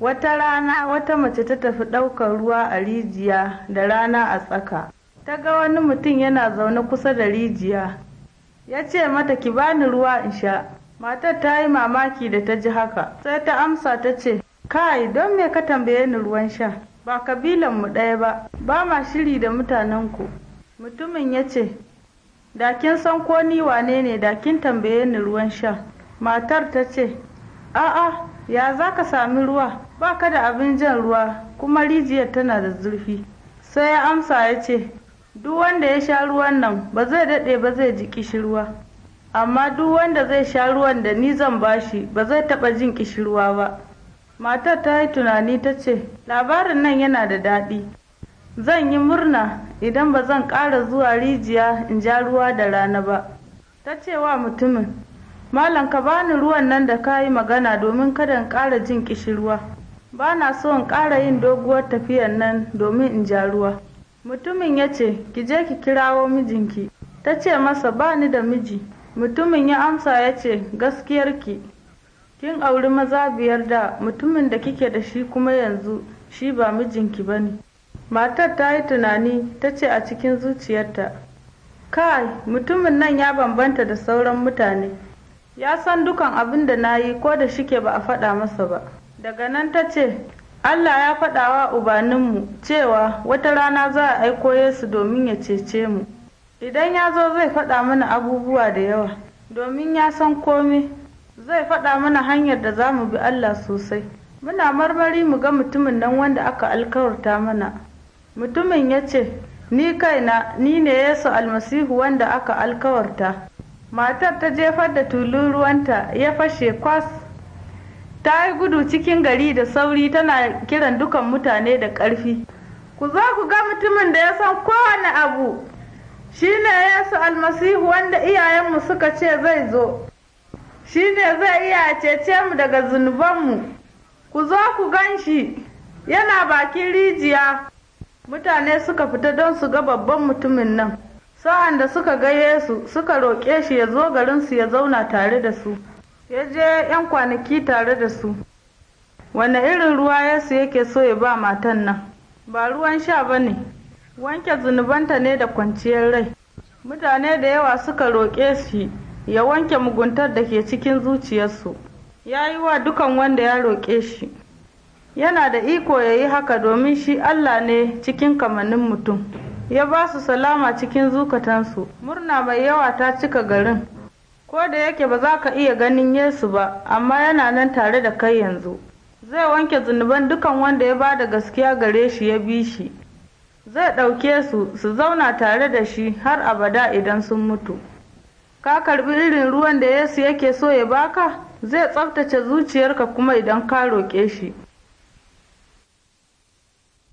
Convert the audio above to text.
Wata rana wata mace ta tafi ɗaukar ruwa a rijiya da rana a tsaka. Ta ga wani mutum yana zaune kusa da rijiya. Ya ce mata ki bani ruwa in sha. Matar ta yi mamaki da ta ji haka. Sai ta amsa ta ce, Kai, don me ka tambaye ni ruwan sha? Ba kabilan mu ɗaya ba, ba ma shiri da mutanen ku. Mutumin ya ce, Da kin san ko ni wane ne da kin tambaye ni ruwan sha. Matar ta ce, A'a, ya za ka sami ruwa ba ka da abin jan ruwa kuma rijiyar tana da zurfi sai ya amsa ya ce duk wanda ya sha ruwan nan ba zai daɗe ba zai ji kishirwa amma duk wanda zai sha ruwan da ni zan bashi ba zai taɓa jin kishirwa ba matar ta yi tunani ta ce labarin nan yana da daɗi zan yi murna idan ba zan ƙara zuwa rijiya in ja ruwa da rana ba ta ce wa mutumin malam ka bani ruwan nan da ka yi magana domin kada in ƙara jin ƙishirwa ba na so in ƙara yin doguwar tafiyar nan domin in ja ruwa mutumin ya ce ki je ki kirawo mijinki ta ce masa ba ni da miji mutumin ya amsa ya ce gaskiyarki kin auri maza biyar da mutumin da kike da shi kuma yanzu shi ba mijinki ba ne matar ta yi tunani ta ce a cikin zuciyarta kai mutumin nan ya bambanta da sauran mutane ya san dukan abin da na yi ko da shike ba a faɗa masa ba daga nan ta ce allah ya faɗa wa ubaninmu cewa wata rana za a aiko yesu domin ya cece mu idan ya zo zai faɗa mana abubuwa da yawa domin ya san komai zai faɗa mana hanyar da za mu bi allah sosai muna marmari mu ga mutumin nan wanda aka alkawarta mana mutumin ya ce ni kaina ni ne yesu almasihu wanda aka alkawarta matar ta jefar da tulun ruwanta ya fashe kwas ta yi gudu cikin gari da sauri tana kiran dukan mutane da ƙarfi ku zo ku ga mutumin da ya san kowane abu Shi ne yesu almasihu wanda iyayenmu suka ce zai zo Shi ne zai iya cece mu daga zunubanmu ku zo ku gan shi yana bakin rijiya mutane suka fita don su ga babban mutumin nan sa'an da suka ga Yesu suka roƙe shi ya zo garinsu ya zauna tare da su ya je ‘yan kwanaki tare da su wanne irin ruwa Yesu yake so ya ba matan nan ba ruwan sha ba ne wanke zunubanta ne da kwanciyar rai mutane da yawa suka roƙe shi ya wanke muguntar da ke cikin zuciyarsu ya yi wa dukan wanda ya roƙe shi yana da iko ya yi haka domin shi Allah ne cikin kamannin mutum ya ba su salama cikin zukatansu murna mai yawa ta cika garin ko da yake ba za ka iya ganin yesu ba amma yana nan tare da kai yanzu zai wanke zunuban dukan wanda ya ba da gaskiya gare shi ya bi shi zai ɗauke su su zauna tare da shi har abada idan sun mutu ka karbi irin ruwan da yesu yake so ya baka zai tsaftace zuciyarka kuma idan ka roƙe shi